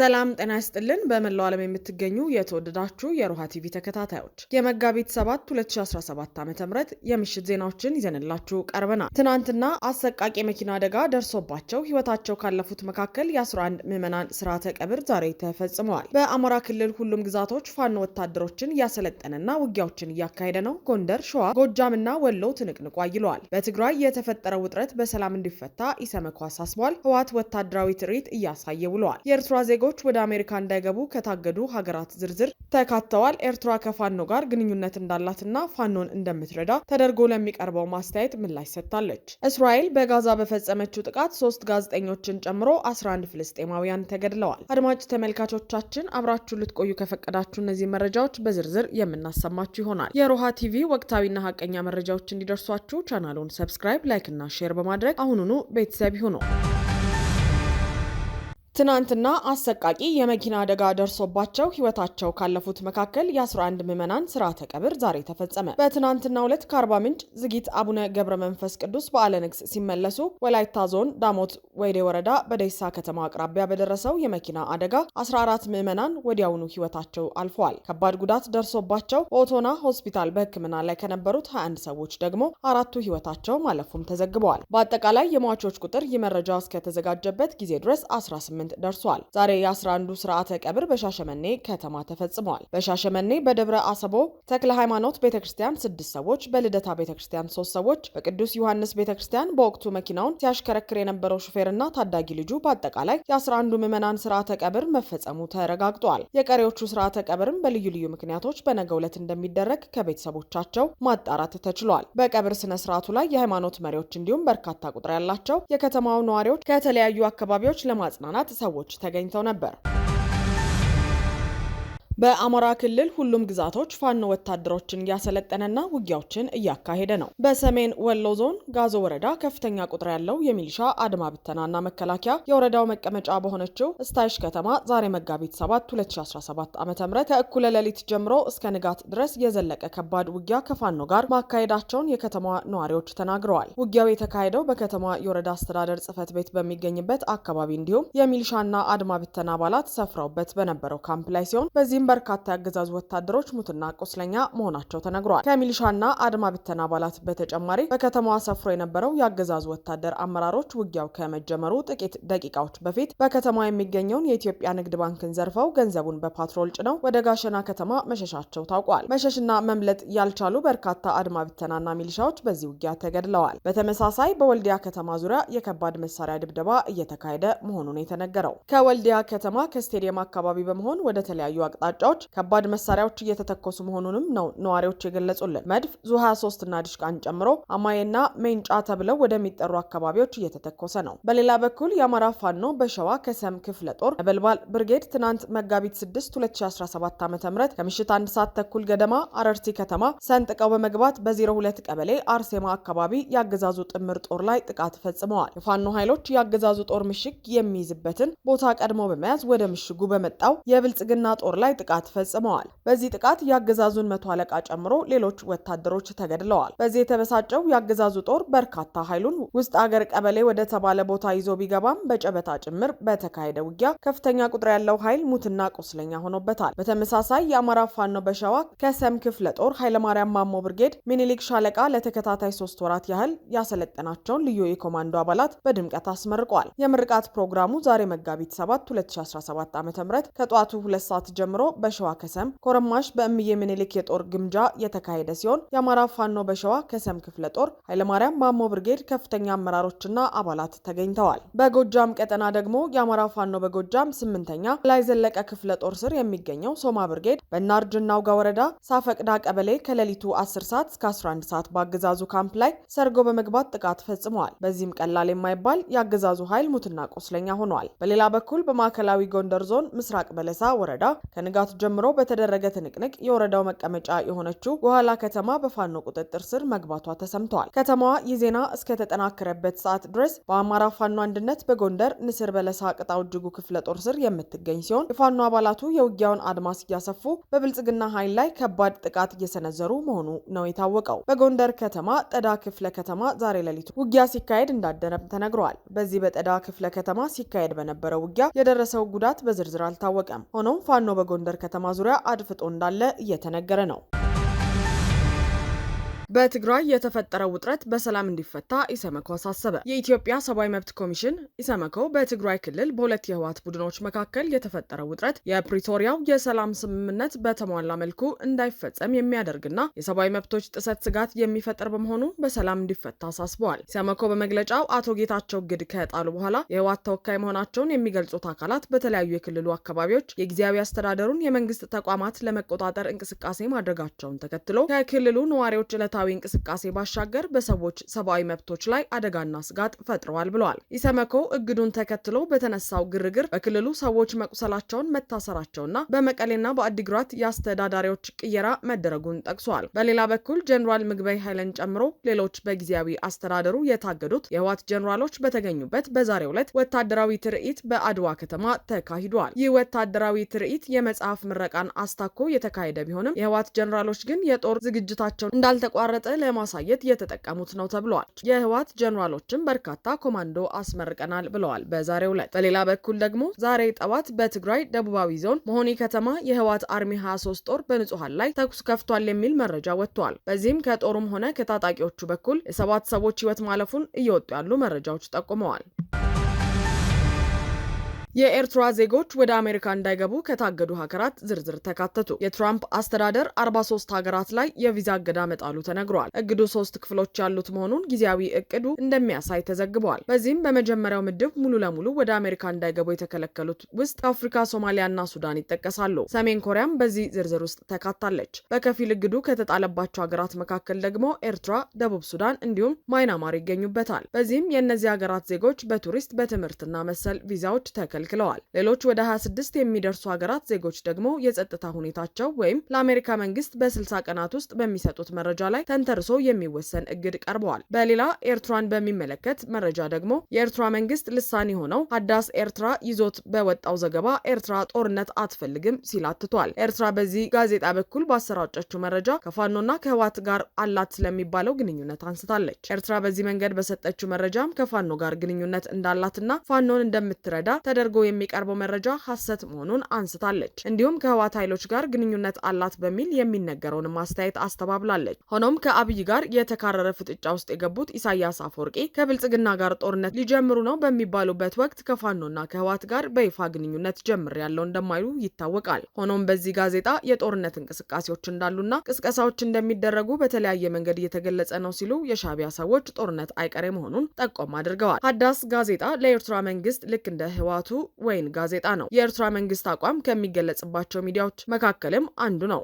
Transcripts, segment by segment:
ሰላም ጤና ይስጥልን። በመላው ዓለም የምትገኙ የተወደዳችሁ የሮሃ ቲቪ ተከታታዮች የመጋቢት 7 2017 ዓ ም የምሽት ዜናዎችን ይዘንላችሁ ቀርበናል። ትናንትና አሰቃቂ የመኪና አደጋ ደርሶባቸው ሕይወታቸው ካለፉት መካከል የ11 ምዕመናን ስርዓተ ቀብር ዛሬ ተፈጽመዋል። በአማራ ክልል ሁሉም ግዛቶች ፋኖ ወታደሮችን እያሰለጠነና ውጊያዎችን እያካሄደ ነው። ጎንደር፣ ሸዋ፣ ጎጃምና ወሎ ትንቅንቋ ይለዋል። በትግራይ የተፈጠረው ውጥረት በሰላም እንዲፈታ ኢሰመኮ አሳስቧል። ህወሓት ወታደራዊ ትርኢት እያሳየ ብለዋል። የኤርትራ ዜጎች ኃይሎች ወደ አሜሪካ እንዳይገቡ ከታገዱ ሀገራት ዝርዝር ተካተዋል። ኤርትራ ከፋኖ ጋር ግንኙነት እንዳላትና ፋኖን እንደምትረዳ ተደርጎ ለሚቀርበው ማስተያየት ምላሽ ሰጥታለች። እስራኤል በጋዛ በፈጸመችው ጥቃት ሶስት ጋዜጠኞችን ጨምሮ 11 ፍልስጤማውያን ተገድለዋል። አድማጭ ተመልካቾቻችን አብራችሁ ልትቆዩ ከፈቀዳችሁ እነዚህ መረጃዎች በዝርዝር የምናሰማችሁ ይሆናል። የሮሃ ቲቪ ወቅታዊና ሀቀኛ መረጃዎች እንዲደርሷችሁ ቻናሉን ሰብስክራይብ፣ ላይክ እና ሼር በማድረግ አሁኑኑ ቤተሰብ ይሁኑ። ትናንትና አሰቃቂ የመኪና አደጋ ደርሶባቸው ህይወታቸው ካለፉት መካከል የ11 ምዕመናን ስርዓተ ቀብር ዛሬ ተፈጸመ። በትናንትናው ዕለት ከአርባ ምንጭ ዝጊት አቡነ ገብረ መንፈስ ቅዱስ በዓለ ንግስ ሲመለሱ ወላይታ ዞን ዳሞት ወይዴ ወረዳ በደይሳ ከተማ አቅራቢያ በደረሰው የመኪና አደጋ 14 ምዕመናን ወዲያውኑ ህይወታቸው አልፈዋል። ከባድ ጉዳት ደርሶባቸው በኦቶና ሆስፒታል በሕክምና ላይ ከነበሩት 21 ሰዎች ደግሞ አራቱ ህይወታቸው ማለፉም ተዘግበዋል። በአጠቃላይ የሟቾች ቁጥር ይህ መረጃ እስከተዘጋጀበት ጊዜ ድረስ 18 ስምንት ደርሷል። ዛሬ የ11ዱ ስርዓተ ቀብር በሻሸመኔ ከተማ ተፈጽመዋል። በሻሸመኔ በደብረ አሰቦ ተክለ ሃይማኖት ቤተ ክርስቲያን ስድስት ሰዎች፣ በልደታ ቤተ ክርስቲያን ሶስት ሰዎች፣ በቅዱስ ዮሐንስ ቤተ ክርስቲያን በወቅቱ መኪናውን ሲያሽከረክር የነበረው ሹፌርና ታዳጊ ልጁ በአጠቃላይ የ11ዱ ምዕመናን ስርዓተ ቀብር መፈጸሙ ተረጋግጧል። የቀሪዎቹ ስርዓተ ቀብርም በልዩ ልዩ ምክንያቶች በነገ ዕለት እንደሚደረግ ከቤተሰቦቻቸው ማጣራት ተችሏል። በቀብር ስነ ስርዓቱ ላይ የሃይማኖት መሪዎች እንዲሁም በርካታ ቁጥር ያላቸው የከተማው ነዋሪዎች ከተለያዩ አካባቢዎች ለማጽናናት ሰዎች ተገኝተው ነበር። በአማራ ክልል ሁሉም ግዛቶች ፋኖ ወታደሮችን እያሰለጠነና ውጊያዎችን እያካሄደ ነው። በሰሜን ወሎ ዞን ጋዞ ወረዳ ከፍተኛ ቁጥር ያለው የሚሊሻ አድማ ብተናና መከላከያ የወረዳው መቀመጫ በሆነችው እስታይሽ ከተማ ዛሬ መጋቢት 7 2017 ዓ ም ከእኩለ ሌሊት ጀምሮ እስከ ንጋት ድረስ የዘለቀ ከባድ ውጊያ ከፋኖ ጋር ማካሄዳቸውን የከተማ ነዋሪዎች ተናግረዋል። ውጊያው የተካሄደው በከተማ የወረዳ አስተዳደር ጽህፈት ቤት በሚገኝበት አካባቢ እንዲሁም የሚሊሻና አድማ ብተና አባላት ሰፍረውበት በነበረው ካምፕ ላይ ሲሆን በዚህም በርካታ የአገዛዙ ወታደሮች ሙትና ቁስለኛ መሆናቸው ተነግሯል። ከሚሊሻና አድማ ብተና አባላት በተጨማሪ በከተማዋ ሰፍሮ የነበረው የአገዛዙ ወታደር አመራሮች ውጊያው ከመጀመሩ ጥቂት ደቂቃዎች በፊት በከተማ የሚገኘውን የኢትዮጵያ ንግድ ባንክን ዘርፈው ገንዘቡን በፓትሮል ጭነው ወደ ጋሸና ከተማ መሸሻቸው ታውቋል። መሸሽና መምለጥ ያልቻሉ በርካታ አድማ ብተናና ሚሊሻዎች በዚህ ውጊያ ተገድለዋል። በተመሳሳይ በወልዲያ ከተማ ዙሪያ የከባድ መሳሪያ ድብደባ እየተካሄደ መሆኑን የተነገረው ከወልዲያ ከተማ ከስቴዲየም አካባቢ በመሆን ወደ ተለያዩ አቅጣጫ አቅጣጫዎች ከባድ መሳሪያዎች እየተተኮሱ መሆኑንም ነው ነዋሪዎች የገለጹልን። መድፍ፣ ዙ 23 እና ድሽቃን ጨምሮ አማዬና ሜንጫ ተብለው ወደሚጠሩ አካባቢዎች እየተተኮሰ ነው። በሌላ በኩል የአማራ ፋኖ በሸዋ ከሰም ክፍለ ጦር ነበልባል ብርጌድ ትናንት መጋቢት 6 2017 ም ከምሽት አንድ ሰዓት ተኩል ገደማ አረርቲ ከተማ ሰንጥቀው በመግባት በ02 ቀበሌ አርሴማ አካባቢ የአገዛዙ ጥምር ጦር ላይ ጥቃት ፈጽመዋል። የፋኖ ኃይሎች የአገዛዙ ጦር ምሽግ የሚይዝበትን ቦታ ቀድሞ በመያዝ ወደ ምሽጉ በመጣው የብልጽግና ጦር ላይ ጥቃት ፈጽመዋል። በዚህ ጥቃት የአገዛዙን መቶ አለቃ ጨምሮ ሌሎች ወታደሮች ተገድለዋል። በዚህ የተበሳጨው የአገዛዙ ጦር በርካታ ኃይሉን ውስጥ አገር ቀበሌ ወደ ተባለ ቦታ ይዞ ቢገባም በጨበታ ጭምር በተካሄደ ውጊያ ከፍተኛ ቁጥር ያለው ኃይል ሙትና ቁስለኛ ሆኖበታል። በተመሳሳይ የአማራ ፋኖ በሸዋ ከሰም ክፍለ ጦር ኃይለማርያም ማሞ ብርጌድ ሚኒሊክ ሻለቃ ለተከታታይ ሶስት ወራት ያህል ያሰለጠናቸውን ልዩ የኮማንዶ አባላት በድምቀት አስመርቋል። የምርቃት ፕሮግራሙ ዛሬ መጋቢት 7 2017 ዓ ም ከጠዋቱ ሁለት ሰዓት ጀምሮ በሸዋ ከሰም ኮረማሽ በእምዬ ምኒልክ የጦር ግምጃ የተካሄደ ሲሆን የአማራ ፋኖ በሸዋ ከሰም ክፍለ ጦር ኃይለማርያም ማሞ ብርጌድ ከፍተኛ አመራሮችና አባላት ተገኝተዋል። በጎጃም ቀጠና ደግሞ የአማራ ፋኖ በጎጃም ስምንተኛ ላይ ዘለቀ ክፍለ ጦር ስር የሚገኘው ሶማ ብርጌድ በናርጅናው ውጋ ወረዳ ሳፈቅዳ ቀበሌ ከሌሊቱ 10 ሰዓት እስከ 11 ሰዓት በአገዛዙ ካምፕ ላይ ሰርጎ በመግባት ጥቃት ፈጽመዋል። በዚህም ቀላል የማይባል የአገዛዙ ኃይል ሙትና ቁስለኛ ሆኗል። በሌላ በኩል በማዕከላዊ ጎንደር ዞን ምስራቅ በለሳ ወረዳ ከንጋ ከመዘጋቱ ጀምሮ በተደረገ ትንቅንቅ የወረዳው መቀመጫ የሆነችው የኋላ ከተማ በፋኖ ቁጥጥር ስር መግባቷ ተሰምተዋል። ከተማዋ ይህ ዜና እስከተጠናከረበት ሰዓት ድረስ በአማራ ፋኖ አንድነት በጎንደር ንስር በለሳ ቅጣው እጅጉ ክፍለ ጦር ስር የምትገኝ ሲሆን የፋኖ አባላቱ የውጊያውን አድማስ እያሰፉ በብልጽግና ኃይል ላይ ከባድ ጥቃት እየሰነዘሩ መሆኑ ነው የታወቀው። በጎንደር ከተማ ጠዳ ክፍለ ከተማ ዛሬ ሌሊቱ ውጊያ ሲካሄድ እንዳደረም ተነግረዋል። በዚህ በጠዳ ክፍለ ከተማ ሲካሄድ በነበረው ውጊያ የደረሰው ጉዳት በዝርዝር አልታወቀም። ሆኖም ፋኖ በጎንደር ጎንደር ከተማ ዙሪያ አድፍጦ እንዳለ እየተነገረ ነው። በትግራይ የተፈጠረው ውጥረት በሰላም እንዲፈታ ኢሰመኮ አሳሰበ። የኢትዮጵያ ሰብአዊ መብት ኮሚሽን ኢሰመኮ በትግራይ ክልል በሁለት የህወሓት ቡድኖች መካከል የተፈጠረው ውጥረት የፕሪቶሪያው የሰላም ስምምነት በተሟላ መልኩ እንዳይፈጸም የሚያደርግና የሰብአዊ መብቶች ጥሰት ስጋት የሚፈጥር በመሆኑ በሰላም እንዲፈታ አሳስበዋል። ኢሰመኮ በመግለጫው አቶ ጌታቸው ግድ ከጣሉ በኋላ የህወሓት ተወካይ መሆናቸውን የሚገልጹት አካላት በተለያዩ የክልሉ አካባቢዎች የጊዜያዊ አስተዳደሩን የመንግስት ተቋማት ለመቆጣጠር እንቅስቃሴ ማድረጋቸውን ተከትሎ ከክልሉ ነዋሪዎች ዕለታ ከፍትሐዊ እንቅስቃሴ ባሻገር በሰዎች ሰብአዊ መብቶች ላይ አደጋና ስጋት ፈጥረዋል ብለዋል። ኢሰመኮ እግዱን ተከትሎ በተነሳው ግርግር በክልሉ ሰዎች መቁሰላቸውን፣ መታሰራቸውና በመቀሌና በአዲግራት የአስተዳዳሪዎች ቅየራ መደረጉን ጠቅሷል። በሌላ በኩል ጀኔራል ምግበይ ኃይለን ጨምሮ ሌሎች በጊዜያዊ አስተዳደሩ የታገዱት የህወሓት ጀኔራሎች በተገኙበት በዛሬው ዕለት ወታደራዊ ትርኢት በአድዋ ከተማ ተካሂዷል። ይህ ወታደራዊ ትርኢት የመጽሐፍ ምረቃን አስታኮ የተካሄደ ቢሆንም የህወሓት ጀኔራሎች ግን የጦር ዝግጅታቸውን እንዳልተቋረ እንዳልተቋረጠ ለማሳየት የተጠቀሙት ነው ተብሏል። የህወሓት ጀኔራሎችን በርካታ ኮማንዶ አስመርቀናል ብለዋል በዛሬው ዕለት። በሌላ በኩል ደግሞ ዛሬ ጠዋት በትግራይ ደቡባዊ ዞን መሆኒ ከተማ የህወሓት አርሚ 23 ጦር በንጹሐን ላይ ተኩስ ከፍቷል የሚል መረጃ ወጥቷል። በዚህም ከጦሩም ሆነ ከታጣቂዎቹ በኩል የሰባት ሰዎች ህይወት ማለፉን እየወጡ ያሉ መረጃዎች ጠቁመዋል። የኤርትራ ዜጎች ወደ አሜሪካ እንዳይገቡ ከታገዱ ሀገራት ዝርዝር ተካተቱ። የትራምፕ አስተዳደር 43 ሀገራት ላይ የቪዛ እገዳ መጣሉ ተነግሯል። እግዱ ሶስት ክፍሎች ያሉት መሆኑን ጊዜያዊ እቅዱ እንደሚያሳይ ተዘግቧል። በዚህም በመጀመሪያው ምድብ ሙሉ ለሙሉ ወደ አሜሪካ እንዳይገቡ የተከለከሉት ውስጥ አፍሪካ፣ ሶማሊያና ሱዳን ይጠቀሳሉ። ሰሜን ኮሪያም በዚህ ዝርዝር ውስጥ ተካታለች። በከፊል እግዱ ከተጣለባቸው ሀገራት መካከል ደግሞ ኤርትራ፣ ደቡብ ሱዳን እንዲሁም ማይናማር ይገኙበታል። በዚህም የእነዚህ ሀገራት ዜጎች በቱሪስት በትምህርትና መሰል ቪዛዎች ተከ ተከልክለዋል። ሌሎች ወደ 26 የሚደርሱ ሀገራት ዜጎች ደግሞ የጸጥታ ሁኔታቸው ወይም ለአሜሪካ መንግስት በ60 ቀናት ውስጥ በሚሰጡት መረጃ ላይ ተንተርሶ የሚወሰን እግድ ቀርበዋል። በሌላ ኤርትራን በሚመለከት መረጃ ደግሞ የኤርትራ መንግስት ልሳን የሆነው አዳስ ኤርትራ ይዞት በወጣው ዘገባ ኤርትራ ጦርነት አትፈልግም ሲል አትቷል። ኤርትራ በዚህ ጋዜጣ በኩል ባሰራጨችው መረጃ ከፋኖና ከህዋት ጋር አላት ስለሚባለው ግንኙነት አንስታለች። ኤርትራ በዚህ መንገድ በሰጠችው መረጃም ከፋኖ ጋር ግንኙነት እንዳላትና ፋኖን እንደምትረዳ ተደርጎ ተደርጎ የሚቀርበው መረጃ ሐሰት መሆኑን አንስታለች። እንዲሁም ከህወሓት ኃይሎች ጋር ግንኙነት አላት በሚል የሚነገረውን ማስተያየት አስተባብላለች። ሆኖም ከአብይ ጋር የተካረረ ፍጥጫ ውስጥ የገቡት ኢሳያስ አፈወርቂ ከብልጽግና ጋር ጦርነት ሊጀምሩ ነው በሚባሉበት ወቅት ከፋኖና ከህወሓት ጋር በይፋ ግንኙነት ጀምር ያለው እንደማይሉ ይታወቃል። ሆኖም በዚህ ጋዜጣ የጦርነት እንቅስቃሴዎች እንዳሉና ቅስቀሳዎች እንደሚደረጉ በተለያየ መንገድ እየተገለጸ ነው ሲሉ የሻቢያ ሰዎች ጦርነት አይቀሬ መሆኑን ጠቆም አድርገዋል። ሀዳስ ጋዜጣ ለኤርትራ መንግስት ልክ እንደ ህወሓቱ ወይን ጋዜጣ ነው። የኤርትራ መንግስት አቋም ከሚገለጽባቸው ሚዲያዎች መካከልም አንዱ ነው።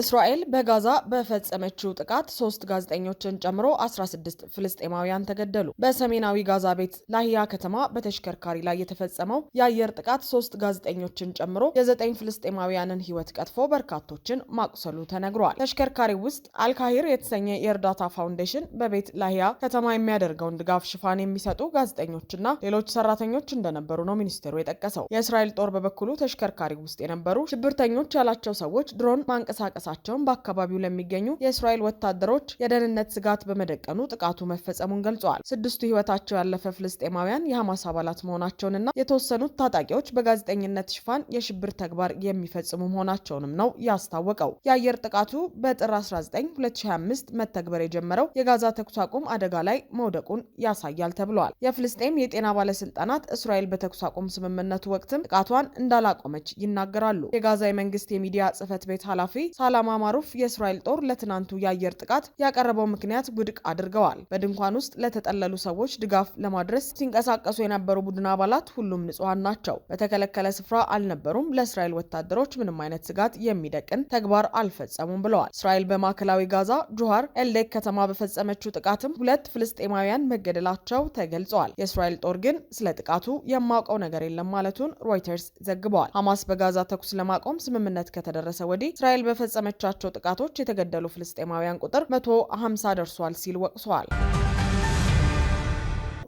እስራኤል በጋዛ በፈጸመችው ጥቃት ሶስት ጋዜጠኞችን ጨምሮ 16 ፍልስጤማውያን ተገደሉ። በሰሜናዊ ጋዛ ቤት ላህያ ከተማ በተሽከርካሪ ላይ የተፈጸመው የአየር ጥቃት ሶስት ጋዜጠኞችን ጨምሮ የዘጠኝ ፍልስጤማውያንን ሕይወት ቀጥፎ በርካቶችን ማቁሰሉ ተነግሯል። ተሽከርካሪ ውስጥ አልካሂር የተሰኘ የእርዳታ ፋውንዴሽን በቤት ላህያ ከተማ የሚያደርገውን ድጋፍ ሽፋን የሚሰጡ ጋዜጠኞችና ሌሎች ሰራተኞች እንደነበሩ ነው ሚኒስቴሩ የጠቀሰው። የእስራኤል ጦር በበኩሉ ተሽከርካሪ ውስጥ የነበሩ ሽብርተኞች ያላቸው ሰዎች ድሮን ማንቀሳቀስ መንቀሳቀሳቸውን በአካባቢው ለሚገኙ የእስራኤል ወታደሮች የደህንነት ስጋት በመደቀኑ ጥቃቱ መፈጸሙን ገልጸዋል። ስድስቱ ህይወታቸው ያለፈ ፍልስጤማውያን የሐማስ አባላት መሆናቸውንና የተወሰኑት ታጣቂዎች በጋዜጠኝነት ሽፋን የሽብር ተግባር የሚፈጽሙ መሆናቸውንም ነው ያስታወቀው። የአየር ጥቃቱ በጥር 19 2025 መተግበር የጀመረው የጋዛ ተኩስ አቁም አደጋ ላይ መውደቁን ያሳያል ተብሏል። የፍልስጤም የጤና ባለስልጣናት እስራኤል በተኩስ አቁም ስምምነቱ ወቅትም ጥቃቷን እንዳላቆመች ይናገራሉ። የጋዛ የመንግስት የሚዲያ ጽህፈት ቤት ኃላፊ ሰላማ ማሩፍ የእስራኤል ጦር ለትናንቱ የአየር ጥቃት ያቀረበው ምክንያት ውድቅ አድርገዋል። በድንኳን ውስጥ ለተጠለሉ ሰዎች ድጋፍ ለማድረስ ሲንቀሳቀሱ የነበሩ ቡድን አባላት ሁሉም ንጹሐን ናቸው፣ በተከለከለ ስፍራ አልነበሩም፣ ለእስራኤል ወታደሮች ምንም አይነት ስጋት የሚደቅን ተግባር አልፈጸሙም ብለዋል። እስራኤል በማዕከላዊ ጋዛ ጁሃር ኤልዴክ ከተማ በፈጸመችው ጥቃትም ሁለት ፍልስጤማውያን መገደላቸው ተገልጸዋል። የእስራኤል ጦር ግን ስለ ጥቃቱ የማውቀው ነገር የለም ማለቱን ሮይተርስ ዘግበዋል። ሐማስ በጋዛ ተኩስ ለማቆም ስምምነት ከተደረሰ ወዲህ እስራኤል በፈጸመ በፈጸመቻቸው ጥቃቶች የተገደሉ ፍልስጤማውያን ቁጥር 150 ደርሷል ሲል ወቅሷል።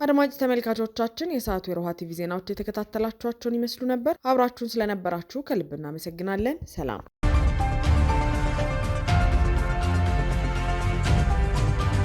አድማጭ ተመልካቾቻችን የሰዓቱ የሮሃ ቲቪ ዜናዎች የተከታተላችኋቸውን ይመስሉ ነበር። አብራችሁን ስለነበራችሁ ከልብ እናመሰግናለን። ሰላም